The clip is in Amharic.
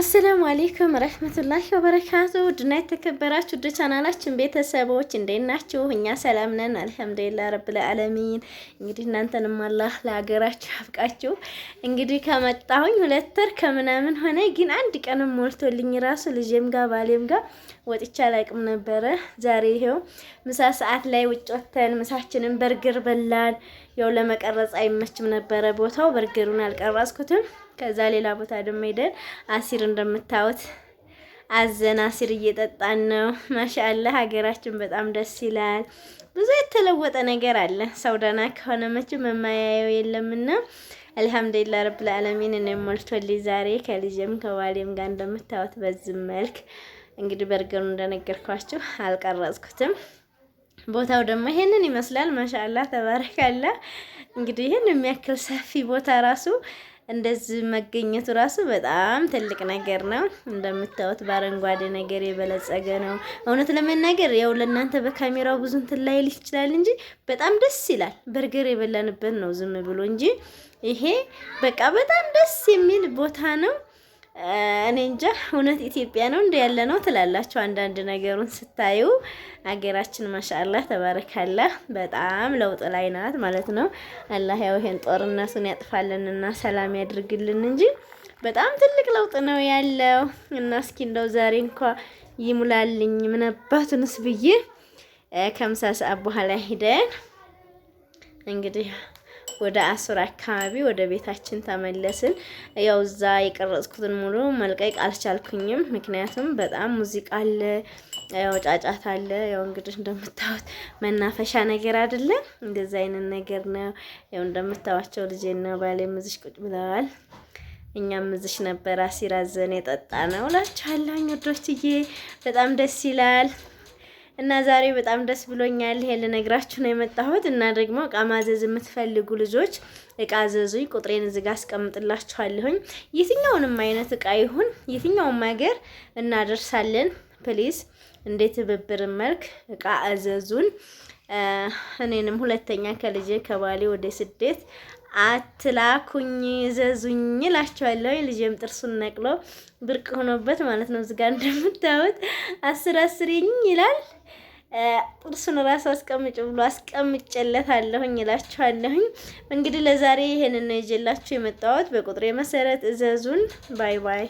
አሰላሙ አሌይኩም ረህመቱላሂ ወበረካቱ ውድና የተከበራችሁ ውድ ቻናላችን ቤተሰቦች እንዴት ናችሁ? እኛ ሰላም ነን፣ አልሐምዱሊላህ ረብል ዓለሚን። እንግዲህ እናንተንም አላህ ለሀገራችሁ ያብቃችሁ። እንግዲህ ከመጣሁኝ ሁለት ወር ከምናምን ሆነ፣ ግን አንድ ቀንም ሞልቶልኝ ራሱ ልጄም ጋር ባሌም ጋር ወጥቼ አላቅም ነበረ። ዛሬ ይሄው ምሳ ሰዓት ላይ ውጭ ወተን ምሳችንን በርግር በላን። ያው ለመቀረጽ አይመችም ነበረ ቦታው፣ በርግሩን አልቀረጽኩትም። ከዛ ሌላ ቦታ ደግሞ ሄደን አሲር እንደምታዩት አዘና ሲር እየጠጣን ነው። ማሻአላ ሀገራችን በጣም ደስ ይላል። ብዙ የተለወጠ ነገር አለ። ሰው ደህና ከሆነ መቼም መማያየው የለምና አልሐምዱሊላ ረብል ዓለሚን እኔ ሞልቶልኝ ዛሬ ከልጅም ከባሌም ጋር እንደምታዩት በዚህ መልክ እንግዲህ በርገሩ እንደነገርኳችሁ አልቀረጽኩትም። ቦታው ደግሞ ይሄንን ይመስላል። ማሻአላ ተባረካላ። እንግዲህ ይህን የሚያክል ሰፊ ቦታ ራሱ እንደዚህ መገኘቱ ራሱ በጣም ትልቅ ነገር ነው። እንደምታዩት በአረንጓዴ ነገር የበለጸገ ነው። እውነት ለመናገር ያው ለእናንተ በካሜራው ብዙ እንትን ላይል ይችላል እንጂ በጣም ደስ ይላል። በርገር የበላንበት ነው ዝም ብሎ እንጂ ይሄ በቃ በጣም ደስ የሚል ቦታ ነው። እኔ እንጃ እውነት ኢትዮጵያ ነው እንደ ያለ ነው ትላላችሁ። አንዳንድ ነገሩን ስታዩ አገራችን ማሻአላህ ተባረካላህ በጣም ለውጥ ላይ ናት ማለት ነው። አላህ ያው ይሄን ጦርነቱን ያጥፋልንና ሰላም ያድርግልን እንጂ በጣም ትልቅ ለውጥ ነው ያለው እና እስኪ እንደው ዛሬ እንኳ ይሙላልኝ ምናባቱንስ ብዬ ከምሳ ሰዓት በኋላ ሂደን እንግዲህ ወደ አስር አካባቢ ወደ ቤታችን ተመለስን። ያው እዛ የቀረጽኩትን ሙሉ መልቀቅ አልቻልኩኝም፣ ምክንያቱም በጣም ሙዚቃ አለ፣ ያው ጫጫት አለ። ያው እንግዲህ እንደምታዩት መናፈሻ ነገር አይደለም፣ እንደዛ አይነት ነገር ነው። ያው እንደምታዋቸው ልጄና ባሌ ምዝሽ ቁጭ ብለዋል። እኛም ምዝሽ ነበር አሲራዘን የጠጣ ነው እላችኋለሁ። ወዶችዬ በጣም ደስ ይላል። እና ዛሬ በጣም ደስ ብሎኛል። ይሄ ልነግራችሁ ነው የመጣሁት። እና ደግሞ እቃ ማዘዝ የምትፈልጉ ልጆች እቃ አዘዙኝ። ቁጥሬን እዚህ ጋር አስቀምጥላችኋለሁኝ። የትኛውንም አይነት እቃ ይሁን የትኛውም ሀገር እናደርሳለን። ፕሊዝ እንደ ትብብር መልክ እቃ አዘዙን። እኔንም ሁለተኛ ከልጄ ከባሌ ወደ ስደት አትላኩኝ ዘዙኝ እላቸዋለሁ። ልጅም ጥርሱን ነቅሎ ብርቅ ሆኖበት ማለት ነው። እዚጋ እንደምታዩት አስር አስርኝ ይላል። ጥርሱን ራሱ አስቀምጭ ብሎ አስቀምጨለታለሁኝ እላችኋለሁኝ። እንግዲህ ለዛሬ ይሄንን ነው ይዤላችሁ የመጣሁት። በቁጥሬ መሰረት እዘዙን። ባይ ባይ